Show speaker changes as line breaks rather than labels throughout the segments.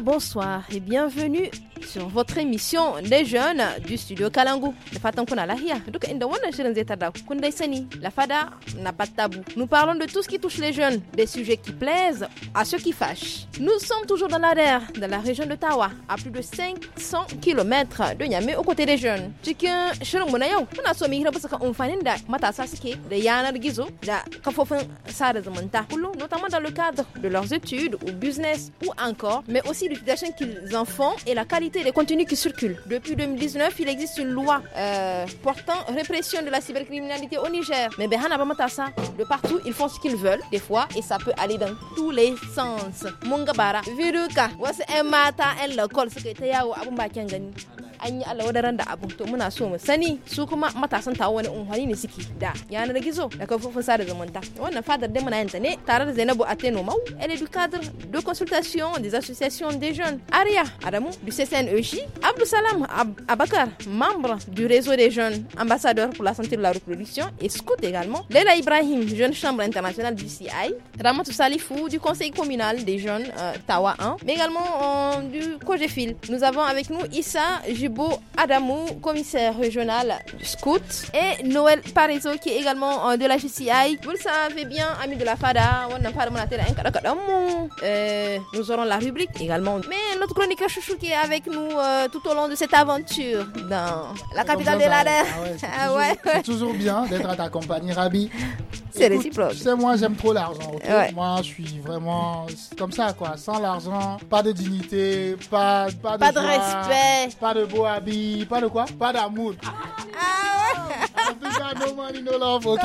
bonsoir et bienvenue sur votre émission des Jeunes du studio Kalangu. n'a pas de tabou. Nous parlons de tout ce qui touche les jeunes, des sujets qui plaisent à ceux qui fâchent. Nous sommes toujours dans l'ADER, dans la région de Tawa, à plus de 500 km de Niamey aux côtés des jeunes. notamment dans le cadre de leurs études ou business ou encore mais aussi l'utilisation qu'ils en font et la qualité des contenus qui circulent. Depuis 2019, il existe une loi euh, portant répression de la cybercriminalité au Niger. Mais pas ben, ça. De partout, ils font ce qu'ils veulent, des fois, et ça peut aller dans tous les sens. Mungabara, Viruka, matin, Mata, El an yi alawa da abu to muna so mu sani su kuma matasan tawo wani unhwani ne suke da yanar gizo da kafofin sada zumunta wannan fadar dai muna yanta ne tare da Zainabu Ateno Mau elle est du cadre de consultation des associations des jeunes Aria Adamu du CCNEJ Abdou Salam Ab Abakar membre du réseau des jeunes ambassadeurs pour la santé de la reproduction et scout également Leila Ibrahim jeune chambre internationale du CI Ramatou Salifou du conseil communal des jeunes euh, Tawa 1 mais également euh, du Cogefil nous avons avec nous Issa Jib Bo Adamou, commissaire régional scout, et Noël Parizo, qui est également euh, de la GCI. Vous le savez bien, Ami de la FADA, on n'a pas de euh, nous aurons la rubrique également. Mais notre chroniqueur chouchou qui est avec nous euh, tout au long de cette aventure dans la capitale de la ah
ah C'est toujours, bien d'être à ta compagnie, Rabi. C'est réciproque. Tu moi, j'aime trop l'argent. Moi, je suis vraiment comme ça, quoi. Sans l'argent, pas de dignité, pas, pas de, de respect, pas de beau pas de quoi Pas d'amour. Ah, ah, ah, no money, no ok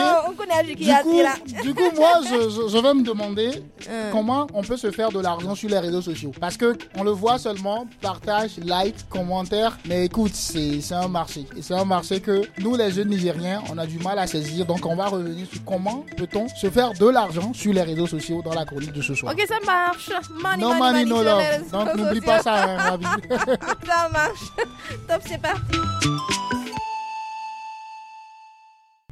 du, coup, du coup, moi, je, vais me demander euh. comment on peut se faire de l'argent sur les réseaux sociaux. Parce que on le voit seulement, partage, like, commentaire. Mais écoute, c'est un marché. Et c'est un marché que nous, les jeunes Nigériens, on a du mal à saisir. Donc, on va revenir sur comment peut-on se faire de l'argent sur les réseaux sociaux dans la chronique de ce soir. Ok,
ça marche. Money, money, money no Donc, n'oublie pas ça, hein,
ça
marche. Top, c'est parti.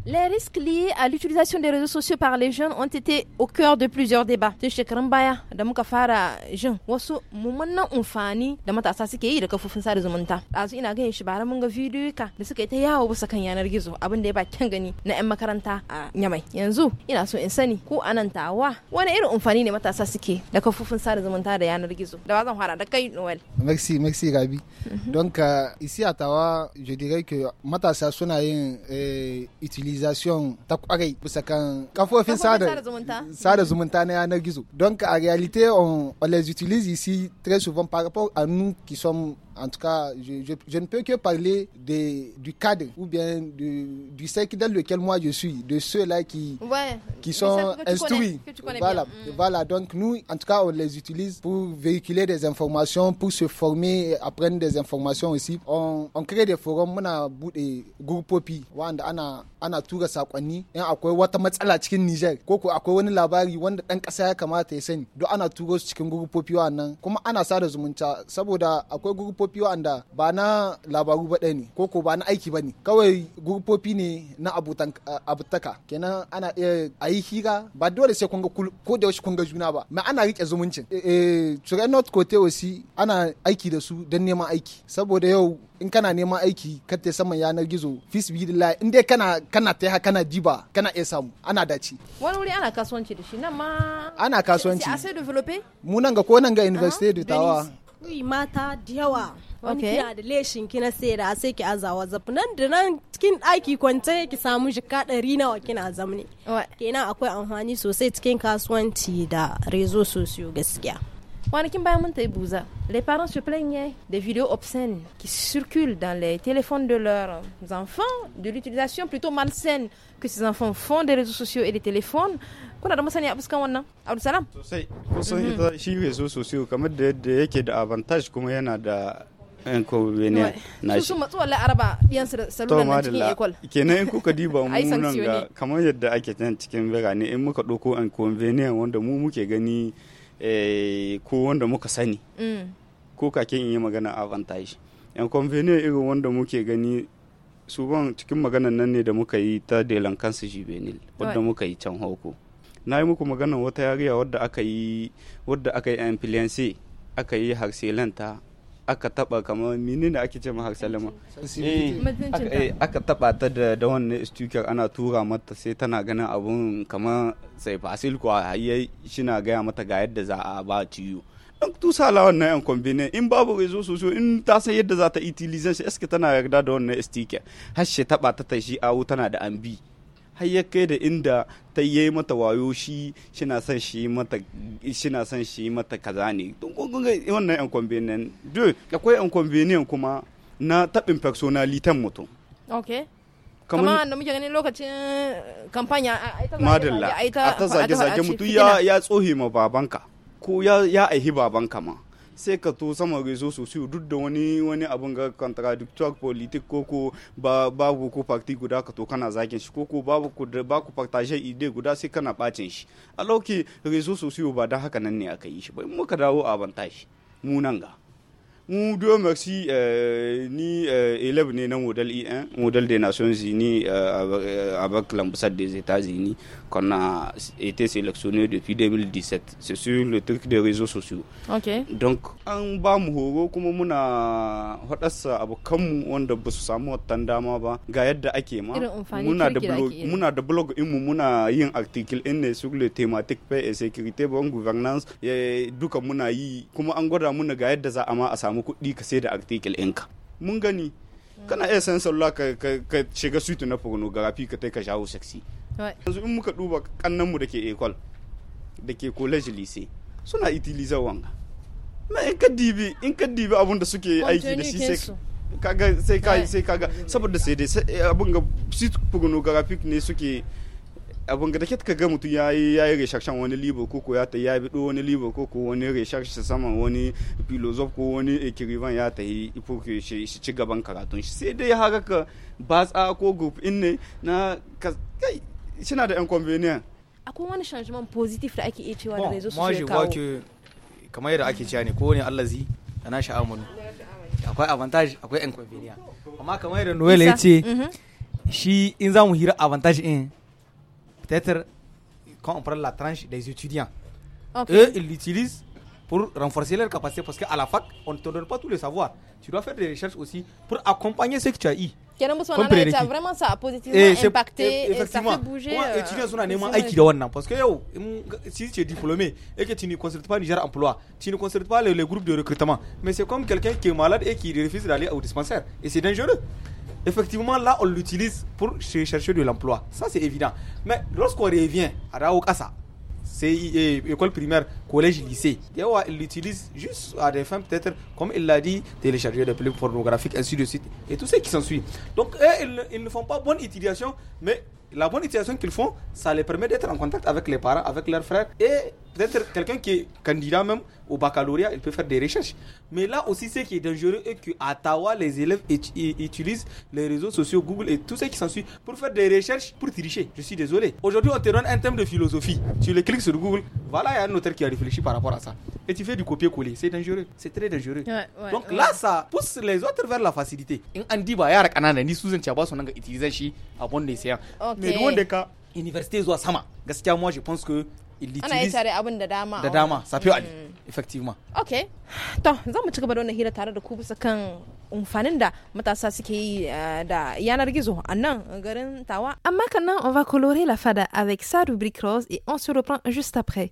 Les risques liés à l'utilisation des réseaux sociaux par les jeunes ont été au cœur de plusieurs débats. Tun shekarun baya da muka fara jin wasu mummunan amfani da matasa suke yi da kafofin sada zumunta. Ɗazu ina ganin shi bara mun ga bidiyo ka da suka yi ta yawo bisa kan yanar gizo abin da ya bakin gani na 'yan makaranta a Nyamai. Yanzu ina so in sani ko anan tawa wani irin amfani ne matasa suke da kafofin sada zumunta da yanar gizo. Da wa zan fara da kai Noel.
Merci, merci Rabi. Mhm. Donc euh, ici à Tawa, je dirais que matasa suna yin eh, utiliser sensibilisation ta kwarai bisa kan kafofin sada sada zumunta na yanar gizo donc en réalité on, on les utilise ici très souvent par rapport à nous qui sommes en tout cas, je, je, je ne peux que parler des, du cadre ou bien du, du cercle dans lequel moi je suis, de ceux-là qui,
qui sont instruits. Voilà, mm.
voilà. Donc nous, en tout cas, on les utilise pour véhiculer des informations, pour se former, apprendre des informations aussi. On, on crée des forums, on a des groupes, wanda ana ana tura sakonni in akwai wata matsala cikin Niger ko ko akwai wani labari wanda dan kasa ya kamata ya sani duk ana turo su cikin grupopi wannan kuma ana sada zumunta saboda akwai grupopi grupopi wanda ba na labaru ba ne ko ko ba na aiki ba ne kawai gurupopi ne na abutaka kenan ana iya a yi hira ba dole sai kun ga ko da wasu kun ga juna ba mai ana rike zumuncin turai eh, eh, north kote wasi ana aiki da su don neman aiki saboda yau in kana neman aiki ka te saman yanar gizo fisbillah in dai kana kana ta kana diba kana iya samu ana dace
wani wuri ana
kasuwanci da shi nan ma ana kasuwanci a sai developer
mu nan ga ko nan ga university da tawa
mata da yawa wani kina da leshin kina na sai ki azawa zafi nan da nan cikin ɗaki kwance ki samu jika ɗari nawa kina zamne kenan akwai amfani sosai cikin kasuwanci da rezo sosiyo gaskiya
Les parents se plaignaient des vidéos obscènes qui circulent dans les téléphones de leurs enfants, de l'utilisation plutôt malsaine que ces enfants font des réseaux sociaux et des téléphones. kuna da masaniya a fuskan wannan abu salam sosai
kusan mhm. ita shi reso sosai kamar da yadda yake da avantage kuma yana da yan convenient na shi sun
matsu wallahi araba diyan su da salunan
nan cikin ekol kenan in kuka diba mu nan ga kamar yadda ake can cikin birane in muka doko yan convenient wanda mu muke gani Eh, ko wanda muka sani mm. ko kakin in yi magana avantage yan convenient irin wanda muke gani su ban cikin maganan nan ne da muka yi ta delan kansu juvenil wadda muka yi can hauko na yi muku maganan wata yariya wadda aka yi wadda aka yi aka yi harselanta aka taba kamar ne ake ce har salama
eh, eh. eh,
aka taba ta da da wannan stukar ana tura mata sai tana ganin abun kamar sai fasil ko hayye na gaya mata ga yadda za a ba ciyo dan tusa la wannan yan kombine in babu rezo sosai in ta san yadda za ta utilize shi eske tana yarda da wannan sticker har shi taba ta shi awu tana da ambi har ya kai da inda ta yi mata wayo shi shina son shi mata shina son shi mata kaza ne don gungun wannan yan convenient duk akwai yan convenient kuma na tabin personalitan mutum
okay kamar da muke ganin lokacin kampanya a ta zage-zage mutum
ya tsohe ma babanka ko ya aihi babanka ma sai ka to sama rezo sosiyo duk da wani wani abun ga contradictory politik koko ba babu ko party guda ka to kana zagin shi koko babu ku da ba ku partage idea guda sai kana bacin shi a lauki rezo sosai ba da haka nan ne aka yi shi ba in muka dawo a bantashi mu nan ga mu deux maxi eh, ni élève eh, ne na modèle I1 hein, modèle des Nations Unies eh, avec l'ambassade des États-Unis qu'on a été sélectionné depuis 2017 c'est sur le truc des réseaux sociaux ok donc an ba mu horo kuma muna hadarsa abokan mu wanda ba su samu watan dama ba ga yadda ake ma muna da blog muna da blog in mu muna yin article in ne sur le thématique paix et sécurité bon gouvernance duka muna yi kuma an gwada muna ga yadda za a ma a samu samu kuɗi ka sai da artikel ɗinka mun gani kana iya san sallah ka shiga suite na pornography ka ta ka shawo sexy yanzu in muka duba kannan mu ekol ecole ke college lycée suna itilizar wanga ma in ka dibi in ka dibi abun da suke aiki da shi sai kaga sai kai sai kaga saboda sai dai eh, abun ga suite pornographic ne suke abin da ka ga mutum ya yi ya yi resharshen wani libo koko ya ta ya bido wani libo ko wani resharshe saman wani filozof ko wani ekirivan ya ta yi ifoke shi ci gaban karatun shi sai dai haka ka batsa ko group in ne na kai suna da inconvenient
akwai wani changement positif da ake iya cewa da rezo su ya kawo
kamar yadda ake cewa ne ko ne allazi da nashi amanu akwai avantage akwai inconvenient amma kamar yadda noel ya ce mhm. shi in za mu hira avantage in peut-être quand on prend la tranche des étudiants, eux, ils l'utilisent pour renforcer leur capacité parce qu'à la fac, on ne te donne pas tout le savoir. Tu dois faire des recherches aussi pour accompagner ce que tu as eu.
vraiment ça positivement et impacté et ça fait bouger. Euh,
parce que si tu es diplômé et que tu ne consultes pas Niger Emploi, tu ne consultes pas le les groupes de recrutement. Mais c'est comme quelqu'un qui est malade et qui refuse d'aller au dispensaire. Et c'est dangereux effectivement, là, on l'utilise pour chercher de l'emploi. Ça, c'est évident. Mais lorsqu'on revient à Raokasa, c'est école primaire, collège, lycée. Il l'utilise juste à des fins peut-être, comme il l'a dit, télécharger des films pornographiques, ainsi de suite, et tout ce qui s'ensuit. Donc, ils, ils, ne font pas bonne utilisation, mais la bonne utilisation qu'ils font, ça les permet d'être en contact avec les parents, avec leurs frères, et Peut-être quelqu'un qui est candidat même au baccalauréat, il peut faire des recherches. Mais là aussi, ce qui est dangereux est qu'à Tawa les élèves utilisent les réseaux sociaux, Google et tout ce qui s'en suit pour faire des recherches, pour tricher. Je suis désolé. Aujourd'hui, on te donne un thème de philosophie. Tu le cliques sur Google. Voilà, il y a un auteur qui a réfléchi par rapport à ça. Et tu fais du copier-coller. C'est dangereux. C'est très dangereux. Donc là, ça pousse les autres vers la facilité. Mais loin des cas, université Gaskia, moi, je pense que il da
dama hmm. effectivement ok on va colorer la fada avec sa rubrique rose et on se reprend juste après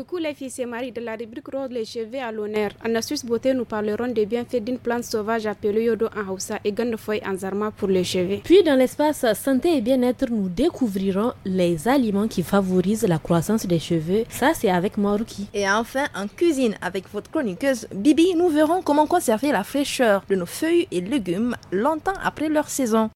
Coucou les filles, et maris de la rubrique Rose les cheveux à l'honneur. En astuce beauté, nous parlerons des bienfaits d'une plante sauvage appelée Yodo en Hausa et feuilles en Zarma pour les cheveux. Puis dans l'espace santé et bien-être, nous découvrirons les aliments qui favorisent la
croissance des cheveux. Ça, c'est avec Maruki. Et enfin, en cuisine, avec votre chroniqueuse Bibi, nous verrons comment conserver la fraîcheur de nos feuilles et légumes longtemps après leur saison.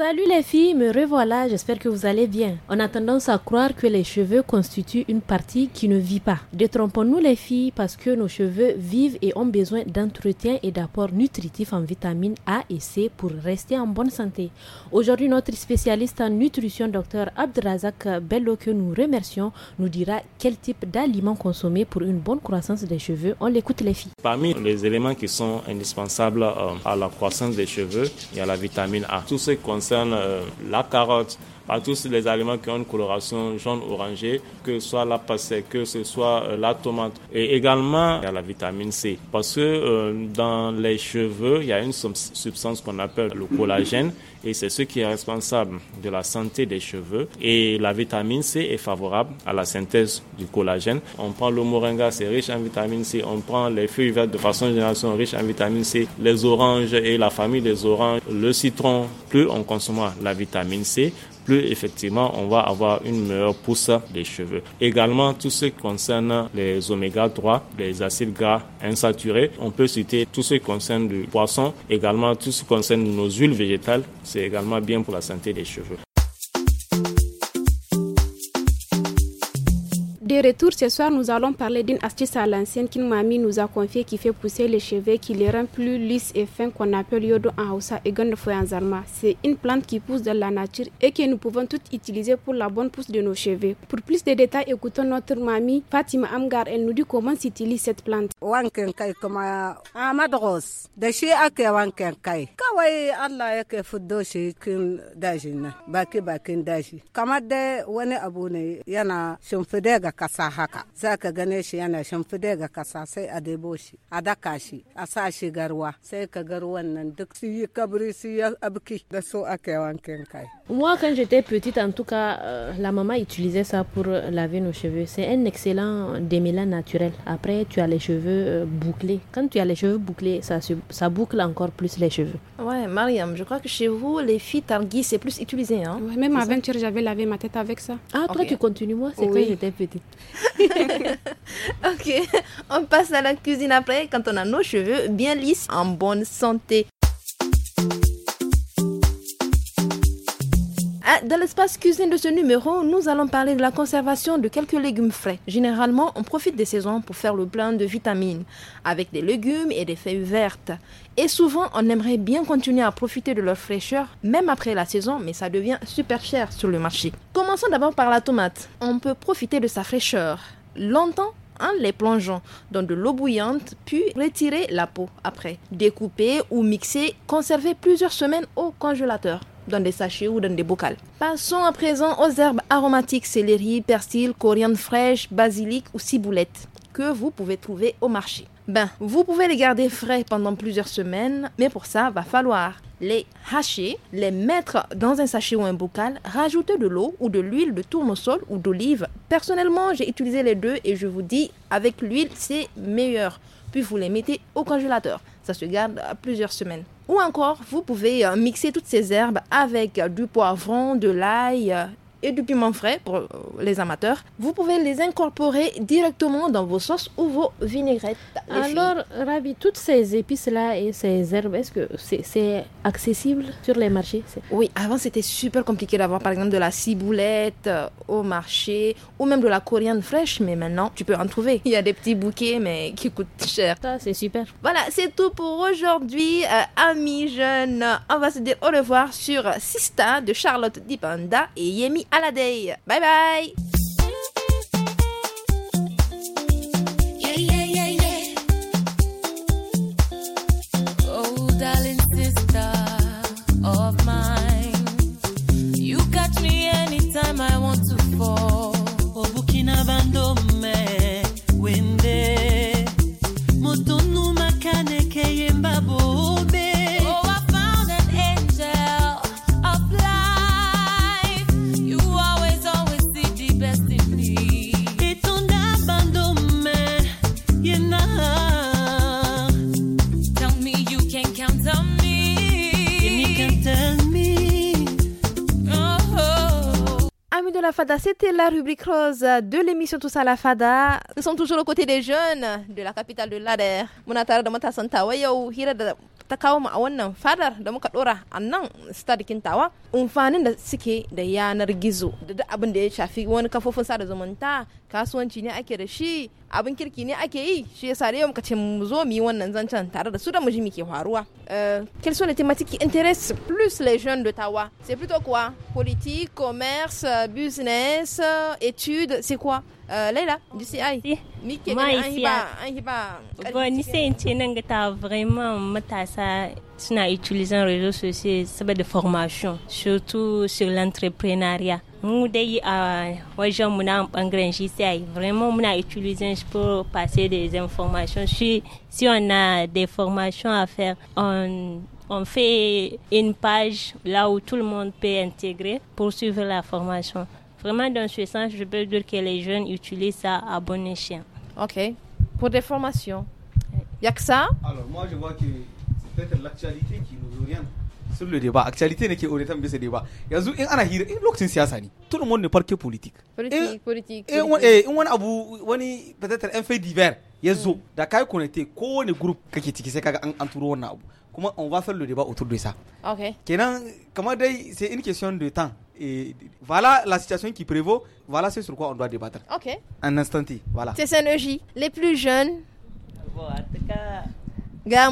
Salut les filles, me revoilà, j'espère que vous allez bien. On a tendance à croire que les cheveux constituent une partie qui ne vit pas. Détrompons-nous les filles parce que nos cheveux vivent et ont besoin d'entretien et d'apports nutritifs en vitamines A et C pour rester en bonne santé. Aujourd'hui, notre spécialiste en nutrition, Dr Abdrazak Bello, que nous remercions, nous dira quel type d'aliments consommer pour une bonne croissance des cheveux. On l'écoute les filles.
Parmi les éléments qui sont indispensables euh, à la croissance des cheveux, il y a la vitamine A. Tout ce qui Pilzen, äh, Labkarotten à tous les aliments qui ont une coloration jaune-orangée, que ce soit la pastèque, que ce soit euh, la tomate. Et également, il y a la vitamine C. Parce que euh, dans les cheveux, il y a une substance qu'on appelle le collagène et c'est ce qui est responsable de la santé des cheveux. Et la vitamine C est favorable à la synthèse du collagène. On prend le moringa, c'est riche en vitamine C. On prend les feuilles vertes de façon générale, sont riches en vitamine C. Les oranges et la famille des oranges, le citron. Plus on consomme la vitamine C, plus effectivement on va avoir une meilleure pousse des cheveux. Également, tout ce qui concerne les oméga 3, les acides gras insaturés, on peut citer tout ce qui concerne du poisson, également tout ce qui concerne nos huiles végétales, c'est également bien pour la santé des cheveux.
De retour ce soir, nous allons parler d'une astuce à l'ancienne qu'une mamie nous a confiée qui fait pousser les cheveux, qui les rend plus lisses et fins qu'on appelle yodo en Hausa et en C'est une plante qui pousse dans la nature et que nous pouvons toutes utiliser pour la bonne pousse de nos cheveux. Pour plus de détails, écoutons notre mamie Fatima Amgar. Elle nous dit comment s'utilise cette plante. Moi quand j'étais petite en tout cas euh, la maman utilisait ça pour euh, laver nos cheveux. C'est un excellent démêlant naturel. Après tu as les cheveux euh, bouclés. Quand tu as les cheveux bouclés ça, ça boucle encore plus les cheveux.
Ouais Mariam je crois que chez vous les filles tanguis c'est plus utilisé. Hein? même avant 20 j'avais lavé ma tête avec ça. Ah toi tu continues moi c'est quand j'étais
petite.
ok, on passe à la cuisine après quand on a nos cheveux bien lisses, en bonne santé. Ah, dans l'espace cuisine de ce numéro, nous allons parler de la conservation de quelques légumes frais. Généralement, on profite des saisons pour faire le plein de vitamines, avec des légumes et des feuilles vertes. Et souvent, on aimerait bien continuer à profiter de leur fraîcheur, même après la saison, mais ça devient super cher sur le marché. Commençons d'abord par la tomate. On peut profiter de sa fraîcheur. Longtemps, en hein, les plongeant dans de l'eau bouillante, puis retirer la peau après. Découper ou mixer, conserver plusieurs semaines au congélateur dans des sachets ou dans des bocaux. Passons à présent aux herbes aromatiques céleri, persil, coriandre fraîche, basilic ou ciboulette que vous pouvez trouver au marché. Ben, vous pouvez les garder frais pendant plusieurs semaines, mais pour ça, va falloir les hacher, les mettre dans un sachet ou un bocal, rajouter de l'eau ou de l'huile de tournesol ou d'olive. Personnellement, j'ai utilisé les deux et je vous dis, avec l'huile, c'est meilleur. Puis vous les mettez au congélateur ça se garde plusieurs semaines. Ou encore, vous pouvez euh, mixer toutes ces herbes avec euh, du poivron, de l'ail euh, et du piment frais pour euh, les amateurs. Vous pouvez les incorporer directement dans vos sauces ou vos vinaigrettes. Alors, Ravi, toutes ces épices-là et ces herbes, est-ce que c'est accessible sur les marchés Oui, avant c'était super compliqué d'avoir par exemple de la ciboulette euh, au marché ou même de la coriandre fraîche, mais maintenant tu peux en trouver. Il y a des petits bouquets, mais qui coûtent cher. Ça, c'est super. Voilà, c'est tout pour aujourd'hui, euh, amis jeunes. On va se dire au revoir sur Sista de Charlotte Dipanda et Yemi à la day. Bye bye la rubrique rose de l'émission Tout à la Fada. Nous sommes toujours aux côtés des jeunes de la capitale de l'Ader. de ta kawo mu a wannan fadar da muka dora a nan stad kintawa umfanin da suke da yanar gizo da duk abin da ya shafi wani kafofin sada zumunta kasuwanci ne ake da shi abin kirki ne ake yi shi yasa da yau muka ce mu zo mu yi wannan zancen tare da su da mujimi ke faruwa eh, quels sont les qui intéressent plus les jeunes de tawa c'est plutôt quoi politique commerce business études c'est quoi Laila du CI aïe bon
en vraiment formation surtout sur l'entrepreneuriat euh, a vraiment muna pour passer des informations si si on a des formations à faire on on fait une page là où tout le monde peut intégrer pour suivre la formation Vraiment, dans ce sens, je peux dire que les jeunes utilisent
ça à bon escient. OK. Pour des formations. Il a que ça Alors, moi, je
vois que c'est peut-être l'actualité qui nous oriente. Sur le débat, actualité n'est qu'orientée de ce débat. a in ana hira in siyasa ni Tout le monde ne parle que politique. Politique,
politique. Et on eh, a
peut-être un fait divers ya mm. da kai connecté kowane group kake qui sai kaga an an turo on va faire le débat autour de ça. OK. Kenan comment c'est une question de temps et voilà la situation qui prévaut, voilà ce sur quoi on doit débattre. Ok. Un
instant, voilà. C'est
EJ. les plus jeunes. Hmm.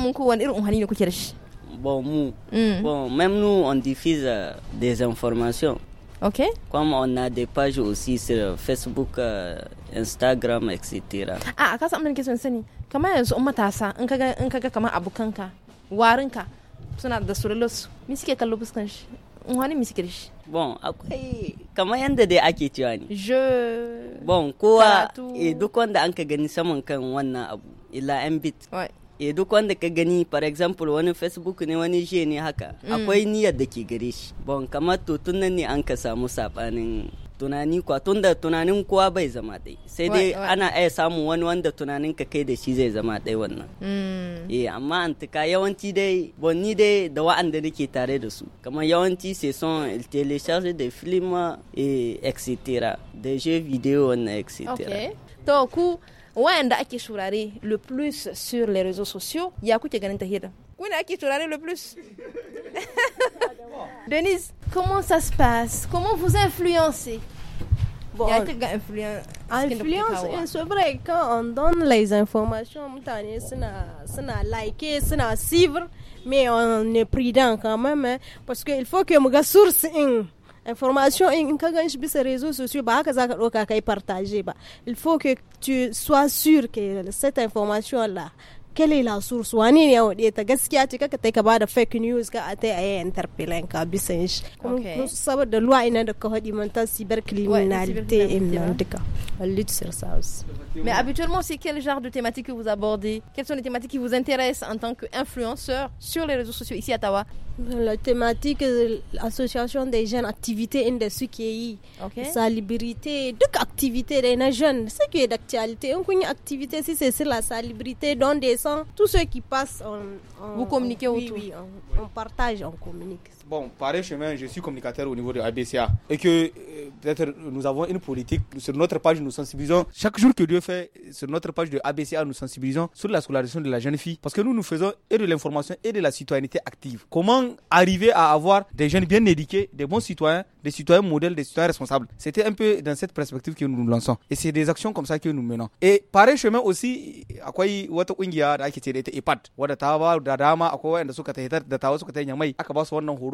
Bon, même nous, on diffuse euh, des informations. Ok. Comme on a des pages aussi sur Facebook, euh, Instagram, etc.
Ah, quand ça me question, comment est-ce que tu ça? Comment est-ce que comment as ça? suna da surulus mi suke kallo fuskan shi wani mi suke
shi bon akwai kamar yadda dai ake cewa ne je bon kowa e duk wanda an ka gani saman kan wannan abu ila yan bit e duk wanda ka gani for example wani facebook ne wani je ne haka mm. akwai niyyar da ke gare shi bon kamar to tun nan ne an ka samu sabanin tunani kwa tunda tunanin kowa bai zama ɗai sai dai ana iya samun wani wanda tunanin ka kai da shi zai zama ɗai wannan mm. eh amma antika yawanci dai bonni dai da wa'anda nake tare da su kamar yawanci sai son telecharge da film eh, et etc da jeux video wannan etc
to ku wa'anda ake shurare le plus sur les réseaux sociaux ya kuke ganin ta tahira qui le plus Denise, comment ça se passe Comment vous influencez Bon,
influence,
hein, c'est
vrai, quand on donne les informations, c'est suna liker, suna suivre, mais on est prudent quand même, hein, parce qu'il faut que mes source une Information je suis sur les réseaux sociaux ba haka doka Il faut que tu sois sûr que cette information là quelle est la source wani ne ya wade ta gaskiya ce kaka ta ka bada fake news ka a tai a yayin tarfilan ka ça shi saboda luwa ina da ka hadi man ta cyber criminalité et non duka lutte sur
ça mais habituellement c'est quel genre de thématique que vous abordez quelles sont les thématiques qui vous intéressent en tant
qu'influenceur sur les réseaux sociaux ici à Tawa ben, la thématique euh, l'association des jeunes activités une des sukiyi okay. sa liberté de activité des jeunes ce qui est d'actualité on connaît activité si c'est la salubrité dans des tous ceux qui passent en Vous communiquez autour. Oui, on partage, on communique
bon, pareil chemin, je suis communicateur au niveau de ABCA. Et que euh, peut-être nous avons une politique, sur notre page nous sensibilisons. Chaque jour que Dieu fait, sur notre page de ABCA, nous sensibilisons sur la scolarisation de la jeune fille. Parce que nous, nous faisons et de l'information et de la citoyenneté active. Comment arriver à avoir des jeunes bien éduqués, des bons citoyens, des citoyens modèles, des citoyens responsables. C'était un peu dans cette perspective que nous nous lançons. Et c'est des actions comme ça que nous menons. Et pareil chemin aussi, à wata kungiya da ake des da qui sont e ta ba da dama akwai wanda suka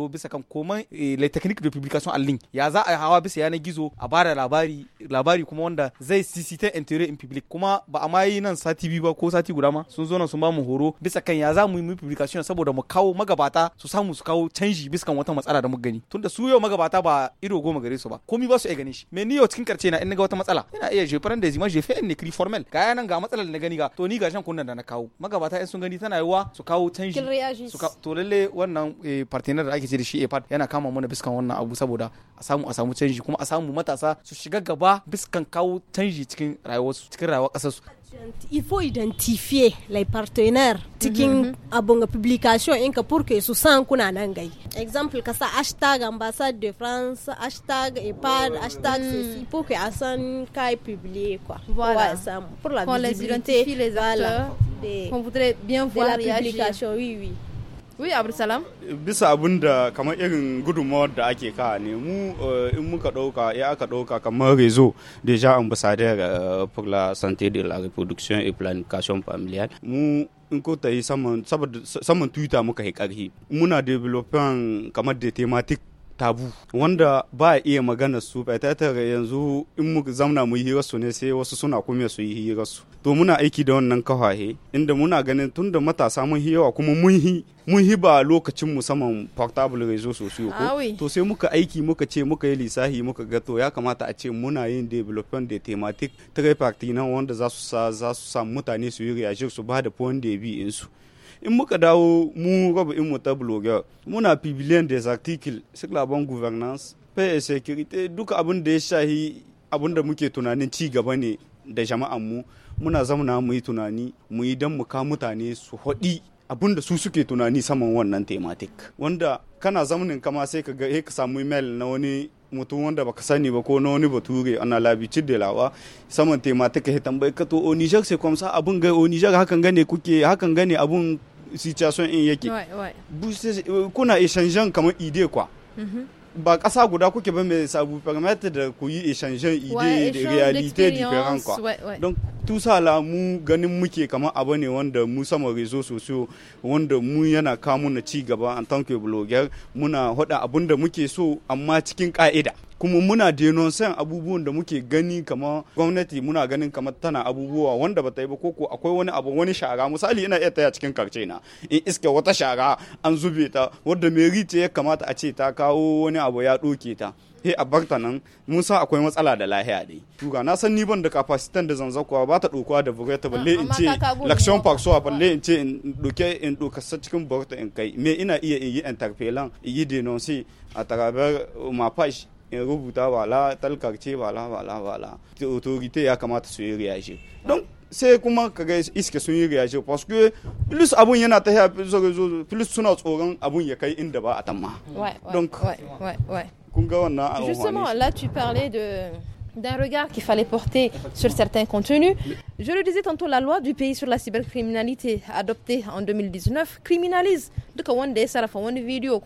horo bisa kan komai eh, le technique de publication en ligne ya za a hawa bisa yanar gizo a bada labari labari kuma wanda zai sisita intérêt in public kuma ba a ma yi nan sati biyu ba ko sati guda ma sun zo nan sun ba mu horo bisa kan ya za mu yi publication saboda mu kawo magabata su samu su kawo canji bisa kan wata matsala da mu gani tunda su yau magabata ba ido goma gare su ba komi ba su iya gane shi me ni yau cikin karce na in naga wata matsala ina iya je faran da zima je fa'in ne formel ga yanan ga matsalar da na gani ga to ni ga shan kunnan da na kawo magabata in sun gani tana yiwa su kawo canji su to lalle wannan eh, partner da ake sai da shi EPAD yana kama mana biskan wannan abu saboda a samu a samu canji kuma a samu matasa su shiga gaba biskan kawo canji cikin rayuwar su cikin rayuwar ƙasarsu.
Il faut identifier les partenaires cikin mm -hmm. publication inka pour que su san kuna nan gai. Exemple ka sa hashtag ambassade de France, hashtag EPAD, mhm. hashtag mm. ceci pour que Hassan kai publier quoi. Voilà. Ouais, pour la Quand visibilité. les acteurs, des, on voudrait bien voir la publication,
oui oui. Wi Abdulsalam?
Bisa abin da kamar irin gudunmawar da ake ka ne mu eh, in muka ɗauka ya eh, aka ɗauka kamar rezo deja ambassadeur eh, pour la santé de la reproduction et planification familiale. Mu in ko ta yi saman twitter muka yi ƙarfi. Muna developing kamar da thematic tabu wanda ba a iya magana su ta yanzu in mu zamna mu yi su ne sai wasu suna kuma su yi hirar su to muna aiki da wannan kafahe inda muna ganin tun da matasa mun yi yawa kuma mun yi mun yi ba lokacin musamman portable rezo sosai ko to sai muka aiki muka ce muka yi lisahi muka ga to ya kamata a ce muna yin development da thematic tripartite nan wanda za su sa za su sa mutane su yi reaction su ba da point de bi insu in muka dawo mu in mu ta blogger muna pavilion des articles sur la bonne gouvernance paix et sécurité duka abin da ya shahi abin da muke tunanin ci gaba ne da jama'an mu muna zamana mu yi tunani mu yi dan mu ka mutane su hodi abin da su suke tunani saman wannan tematik wanda kana zamanin kama sai ka ga ka samu email na wani mutum wanda baka sani ba ko na wani bature ana labici da lawa saman tematik ka tambayi ka to o nijar sai kwamsa abin ga o nijar hakan gane kuke hakan gane abin situation in yake kuna ishanjan kamar idée quoi mm-hmm. ba kasa guda kuke ba mai sabu permettre da ku yi échanger idée de réalité différent quoi donc tout ça là mu ganin muke kamar abu ne wanda mu sama réseaux sociaux wanda mu yana kawo na ci gaba en tant que blogueur muna hoda abun da muke so amma cikin ka'ida kuma muna denonsan abubuwan da muke gani kamar gwamnati muna ganin kamar tana abubuwa wanda bata yi ba ko akwai wani abu wani shara misali ina iya taya cikin karce na in iska wata shara an zube ta wadda mai ce ya kamata a ce ta kawo wani abu ya ɗoke ta he a barta nan mun san akwai matsala da lahiya dai tura na san ni ban da capacity da zanzakuwa ba ta dokuwa da bureta balle in ce lakshon park so balle in ce in doke in dokasa cikin barta in kai me ina iya in yi interpellant yi denonce a tarabar mafashi. in rubuta wala talkarce wala wala wala autorite ya kamata su yi reagir donc c'est comment kaga iske sun yi parce que plus abun yana ta ya plus suna tsoron abun ya kai inda ba a tamma
donc ouais ouais
ouais justement là
tu parlais de d'un regard qu'il fallait porter sur certains contenus. Je le disais tantôt, la loi du pays sur la cybercriminalité adoptée en 2019 criminalise vidéo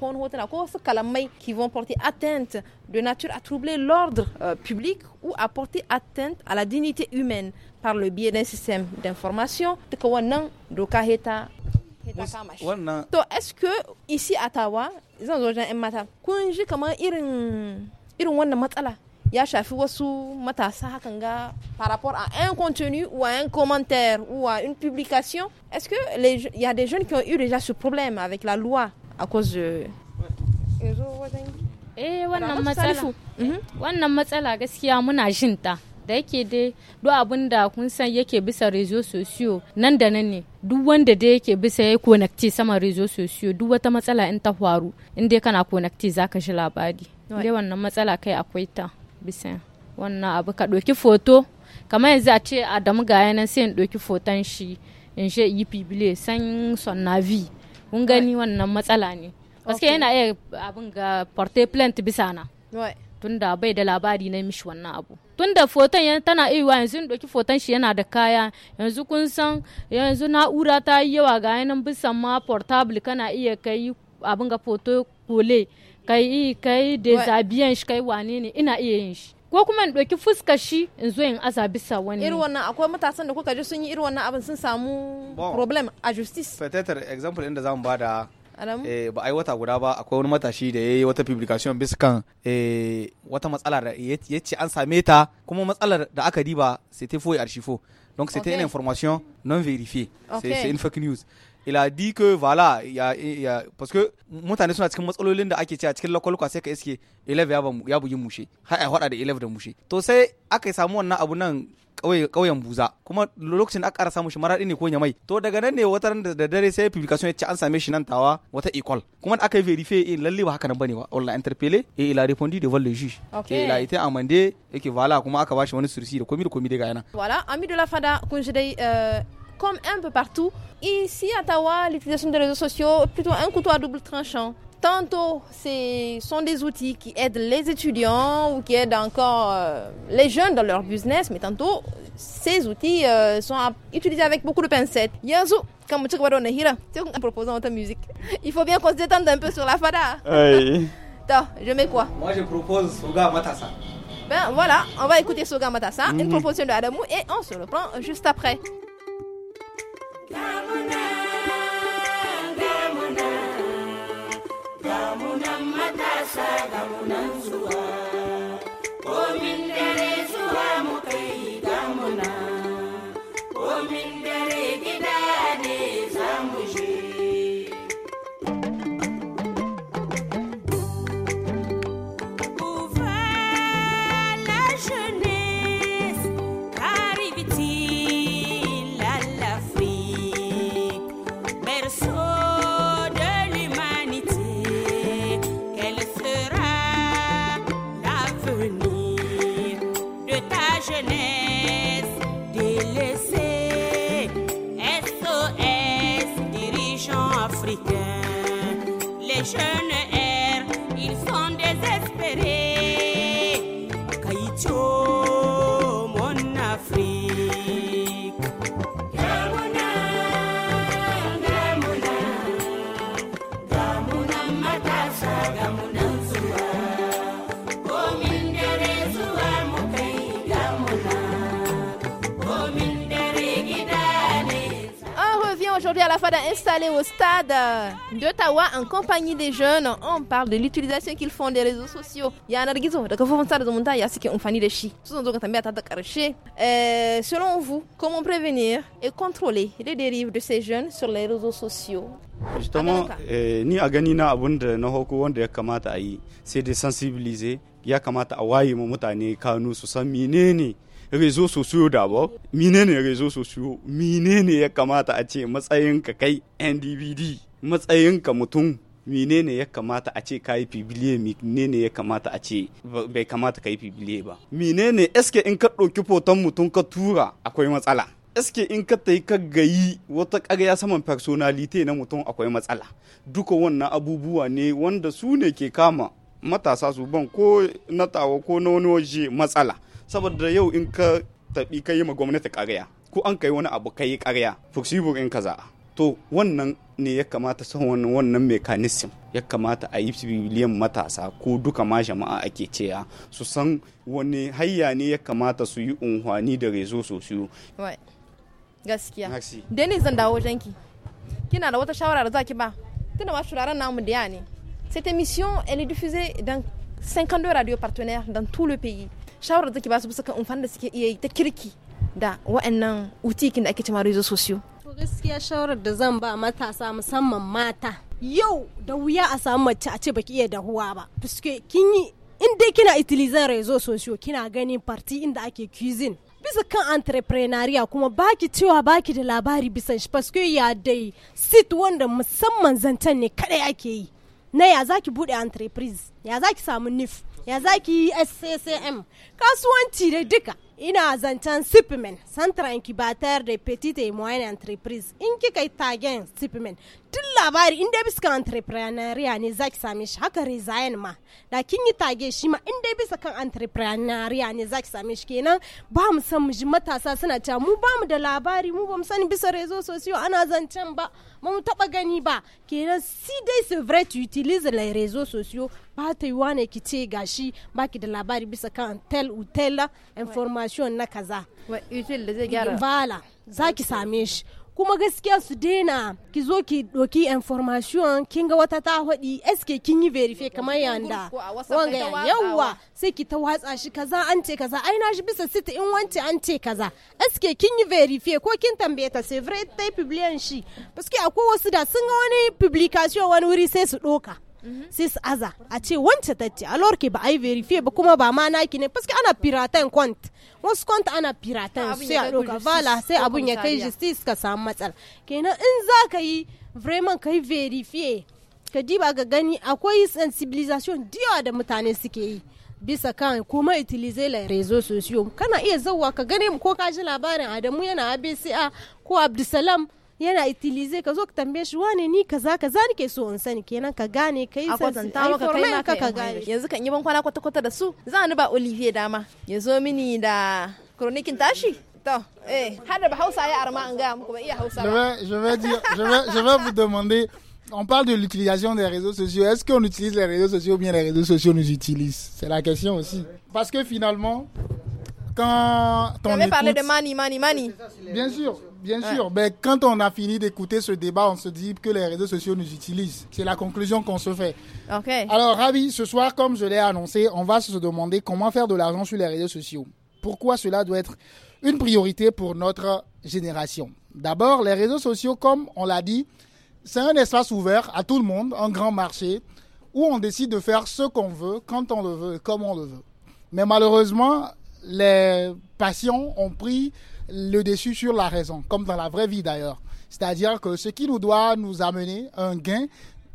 qui vont porter atteinte de nature à troubler l'ordre public ou à porter atteinte à la dignité humaine par le biais d'un système d'information. Donc, est-ce que ici à Tawa, ils ont un matin, Quand ya shafi wasu matasa hakan ga par rapport à un contenu ou à un commentaire ou à une publication. Est-ce que les, il y a des jeunes qui ont eu déjà ce problème avec la loi à cause de
Eh wannan matsala.
Mhm. Wannan
matsala gaskiya muna jin ta. Da yake dai duk abin da kun san yake bisa rezo sosiyo nan da nan ne duk wanda dai yake bisa ya connecti sama rezo sosiyo duk wata matsala in ta faru in dai kana connecti zaka ji labari. Dai wannan matsala kai akwai ta. bisa wannan abu ka ɗauki foto kamar yanzu a ce adamu ga yanan sai in ɗauki foton shi in she yi fibile san son navi kun gani wannan matsala ne paske yana iya abin ga porte plant bisa na tunda bai da labari na mishi wannan abu tunda foton yana tana iya yanzu in ɗauki foton shi yana da kaya yanzu kun san yanzu na'ura ta yi yawa ga yanan bisa ma portable kana iya kai abin ga foto kole kai yi kai desabiyan shi kai wane ne ina iya yin shi ko kuma in ɗauki fuska shi in zo in aza bisa wani irin
wannan akwai matasan da kuka ji sun yi irin wannan abin sun samu
problem a justice fetetar example inda zamu bada Eh, ba a yi wata guda ba akwai wani matashi da ya yi wata publication bisa kan eh, wata matsala da ya ce an same ta kuma matsalar da aka diba sai ta et arshifo donc c'était okay. une information non vérifiée okay. c'est une fake news il a dit que voilà parce que mutane suna cikin matsalolin a a to sai aka samu wannan abu nan de buza kuma lokacin aka ƙara samu shi ne ko nyamai to daga nan ne wata da dare sai publication ya an same shi nan tawa wata equal kuma aka verify in eh, lalle ba haka nan bane ba on l'a et il a répondu devant le juge il a été amendé et que voilà kuma aka bashi wani sursi da komi yana
voilà ami de la fada kun comme un peu partout. Ici, à Ottawa, l'utilisation des réseaux sociaux est plutôt un couteau à double tranchant. Tantôt, ce sont des outils qui aident les étudiants ou qui aident encore euh, les jeunes dans leur business, mais tantôt, ces outils euh, sont utilisés avec beaucoup de pincettes. Yanzu, quand ta musique, il faut bien qu'on se détende un peu sur la fada. je mets quoi Moi, je
propose Soga Matassa.
Ben voilà, on va écouter Soga Matassa, une mhm. proposition de Adamou, et on se reprend juste après.
Gamunan matasa gamunan zuwa.
aujourd'hui à la FADA installé au stade d'Ottawa en compagnie des jeunes. On parle de l'utilisation qu'ils font des réseaux sociaux. Il y a un oh, de Euh, selon vous, comment prévenir et contrôler les dérives de ces jeunes sur les réseaux sociaux
Justement, eh, ni a abunde na abun da na hoko wanda ya kamata a yi c'est sensibiliser ya kamata a waye mutane kanu su menene rezo sosiyo da ba ne rezo sosiyo ne ya kamata a ce matsayinka kai ndvd matsayinka mutum ne ya kamata a ce ka yi fibiliye ne ya kamata a ce bai kamata ka yi fibiliye ba mine ne, eske in ka ɗauki foton mutum ka tura akwai matsala eske in ka ta yi ka gayi wata ƙarya saman personality na mutum akwai matsala duka wannan abubuwa ne wanda su ne ke kama matasa su ban ko na tawa ko na wani waje matsala saboda yau in ka tabi ka yi ma gwamnati karya ko an kai wani abu ka yi ƙarya in kaza to wannan ne ya kamata son wannan wannan ya kamata a yi civilian matasa ko duka ma jama'a ake cewa su san wani hayya ne ya kamata su yi unhwani da rezo sosiyo
gaskiya denis zan dawo janki kina da wata shawara da zaki ba tana ma shuraren namu da ya ne cette émission elle est diffusée dans 52 radio partenaires dans tout le pays shawarar da take ba su bisa kan amfani da suke iya yi ta kirki da wa'annan utikin da ake cewa rezo sosiyo
to gaskiya shawarar da zan ba matasa musamman mata yau da wuya a samu mace a ce baki iya dahuwa ba fuske kin yi in dai kina itilizan rezo sosiyo kina ganin farti inda ake cuisine bisa kan entrepreneuria kuma baki cewa baki da labari bisa. shi paske ya dai sit wanda musamman zancen ne kadai ake yi na ya zaki bude entreprise ya zaki samu nif ya za ki yi SCCM kasuwanci da duka ina zancen sipmen ba incubator da petite et moyenne entreprise in kika yi tagen sipmen tun labari in dai bisa entrepreneuria ne zaki same shi haka resign ma da kin yi tage shi ma in dai bisa kan entrepreneuria ne zaki same shi kenan ba mu san mu ji matasa suna cewa mu ba mu da labari mu ba mu sani bisa rezo sosiyo ana zancen ba ba mu taba gani ba kenan si dai c'est vrai tu utilises les réseaux sociaux ba ta yiwa ne ki ce gashi baki da labari bisa kan tel ou tel information fondation na kaza vala za ki same shi kuma gaskiya su daina ki zo ki doki information kin ga wata ta hodi eske kin yi verify kamar yanda wanga yawa sai ki ta watsa shi kaza an ce kaza ai na shi bisa sita in wance an ce kaza eske kin yi verify ko kin tambaye ta sai vrai tai publication shi paske akwai wasu da sun ga wani publication wani wuri sai su doka Mhm. sai aza a ce wancan tatti alor ke ba a yi verifiye ba kuma ba ma naki ne paske ana piratan kwant wasu kwant ana piratan su ya doka bala sai abun ya kai justice ka samu matsala kenan in za ka yi vraiment ka yi verifiye ka diba ga gani akwai sensibilisation diyawa da mutane suke yi bisa kan kuma itilize la rezo sosiyo kana iya zauwa ka gane ko ka ji labarin adamu yana abca ko abdulsalam yana eh, Je
vais vous demander, on parle de l'utilisation des réseaux sociaux. Est-ce qu'on utilise les réseaux sociaux ou bien les réseaux sociaux nous utilisent C'est la question aussi. Parce que finalement, quand on. parle de money, money, money. Bien sûr bien sûr. Mais quand on a fini d'écouter ce débat, on se dit que les réseaux sociaux nous utilisent. C'est la conclusion qu'on se fait.
Alors,
Ravi, ce soir, comme je l'ai annoncé, on va se demander comment faire de l'argent sur les réseaux sociaux. Pourquoi cela doit être une priorité pour notre génération D'abord, les réseaux sociaux, comme on l'a dit, c'est un espace ouvert à tout le monde, un grand marché, où on décide de faire ce qu'on veut, quand on le veut et comme on le veut. Mais malheureusement, les passions ont pris le dessus sur la raison, comme dans la vraie vie d'ailleurs. C'est-à-dire que ce qui nous doit nous amener un gain,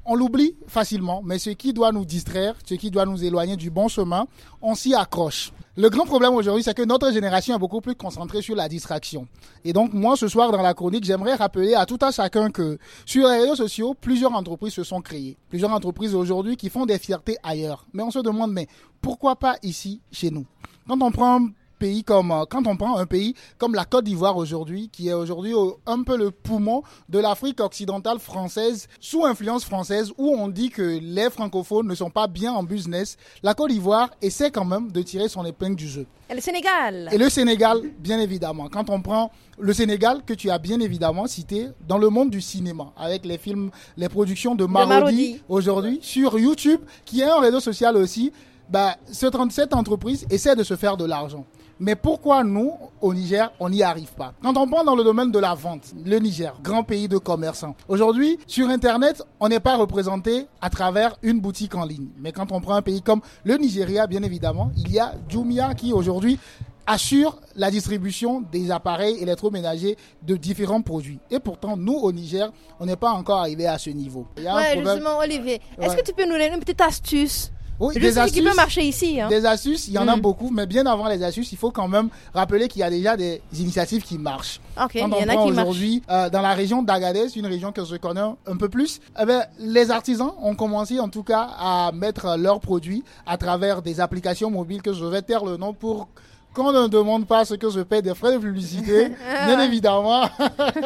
on l'oublie facilement, mais ce qui doit nous distraire, ce qui doit nous éloigner du bon chemin, on s'y accroche. Le grand problème aujourd'hui, c'est que notre génération est beaucoup plus concentrée sur la distraction. Et donc, moi, ce soir, dans la chronique, j'aimerais rappeler à tout un chacun que sur les réseaux sociaux, plusieurs entreprises se sont créées. Plusieurs entreprises aujourd'hui qui font des fiertés ailleurs. Mais on se demande, mais pourquoi pas ici, chez nous? Quand on prend un pays comme euh, quand on prend un pays comme la Côte d'Ivoire aujourd'hui, qui est aujourd'hui un peu le poumon de l'Afrique occidentale française sous influence française, où on dit que les francophones ne sont pas bien en business, la Côte d'Ivoire essaie quand même de tirer son épingle du jeu.
Et le Sénégal. Et le
Sénégal, bien évidemment. Quand on prend le Sénégal que tu as bien évidemment cité dans le monde du cinéma avec les films, les productions de Marodi, aujourd'hui sur YouTube, qui est un réseau social aussi bah, ces 37 entreprises essaient de se faire de l'argent. Mais pourquoi nous, au Niger, on n'y arrive pas Quand on prend dans le domaine de la vente, le Niger, grand pays de commerçants, aujourd'hui, sur Internet, on n'est pas représenté à travers une boutique en ligne. Mais quand on prend un pays comme le Nigeria, bien évidemment, il y a Jumia qui, aujourd'hui, assure la distribution des appareils électroménagers de différents produits. Et pourtant, nous, au Niger, on n'est pas encore arrivé à ce niveau. Oui, justement,
Olivier, est-ce que tu peux nous donner une petite astuce des astuces, qui peut marcher ici. Hein. Des astuces, il y en a mm.
beaucoup, mais bien avant les astuces, il faut quand même rappeler qu'il y a déjà des initiatives qui marchent. en aujourd'hui euh, dans la région d'Agadez, une région que je connais un peu plus, eh ben, les artisans ont commencé en tout cas à mettre leurs produits à travers des applications mobiles que je vais taire le nom pour qu'on ne demande pas ce que je paie des frais de publicité, bien évidemment,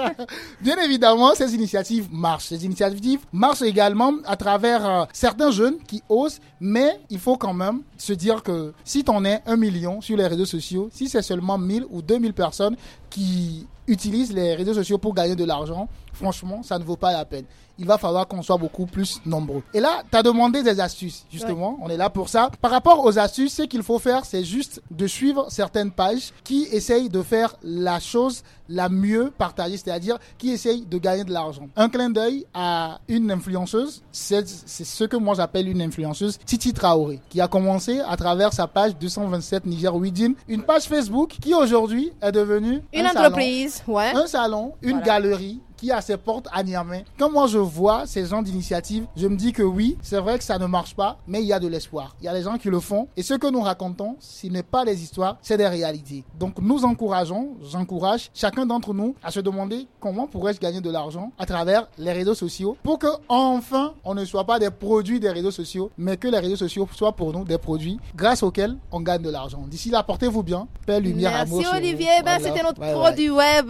bien évidemment, ces initiatives marchent. Ces initiatives marchent également à travers euh, certains jeunes qui osent, mais il faut quand même se dire que si t'en es un million sur les réseaux sociaux, si c'est seulement 1000 ou 2000 personnes qui utilisent les réseaux sociaux pour gagner de l'argent, franchement, ça ne vaut pas la peine. Il va falloir qu'on soit beaucoup plus nombreux. Et là, tu as demandé des astuces, justement. On est là pour ça. Par rapport aux astuces, ce qu'il faut faire, c'est juste de suivre certaines pages qui essayent de faire la chose la mieux partagée, c'est-à-dire qui essayent de gagner de l'argent. Un clin d'œil à une influenceuse, c'est ce que moi j'appelle une influenceuse, Titi Traoré, qui a commencé à travers sa page 227 Niger Widin, une page Facebook qui aujourd'hui est devenue une entreprise, ouais. un salon, une galerie, qui a ses portes à Niamey. Quand moi je vois ces gens d'initiative, je me dis que oui, c'est vrai que ça ne marche pas, mais il y a de l'espoir. Il y a des gens qui le font. Et ce que nous racontons, ce n'est pas des histoires, c'est des réalités. Donc nous encourageons, j'encourage chacun d'entre nous à se demander comment pourrais-je gagner de l'argent à travers les réseaux sociaux pour que enfin on ne soit pas des produits des réseaux sociaux, mais que les réseaux sociaux soient pour nous des produits grâce auxquels on gagne de l'argent. D'ici là, portez-vous bien. Père lumière, merci Merci Olivier. Ben, c'était notre produit
web.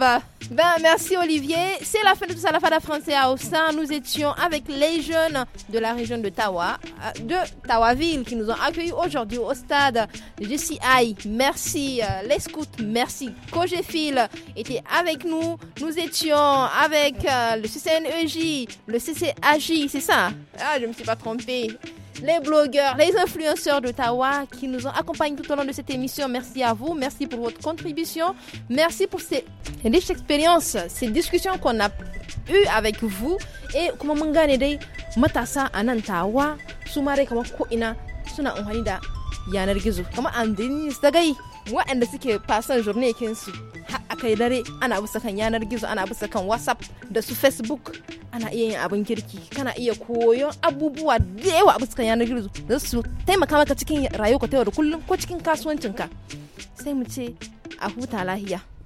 Ben, merci Olivier. C'est la fin de tout ça, la Fada Français à Ossa. Nous étions avec les jeunes de la région de Tawa, de Tawaville, qui nous ont accueillis aujourd'hui au stade de JCI. Merci, euh, les scouts, merci. Cogéfil était avec nous. Nous étions avec euh, le CCNEJ, le CCAJ, c'est ça? Ah, je ne me suis pas trompé les blogueurs, les influenceurs d'Ottawa qui nous ont accompagnés tout au long de cette émission. Merci à vous, merci pour votre contribution, merci pour ces riches expériences, ces discussions qu'on a eues avec vous. Et kuma mun gane dai matasa a nan tawa su comment suna da yanar gizo. Sagai suke kensu. kai dare ana bisa kan yanar gizo ana bisa kan whatsapp da su facebook ana iya yin abin kirki kana iya koyon abubuwa da yawa a bisa kan yanar gizo da su taimaka maka cikin rayuwa ta yau da kullum ko cikin kasuwancinka sai mu ce a huta lahiya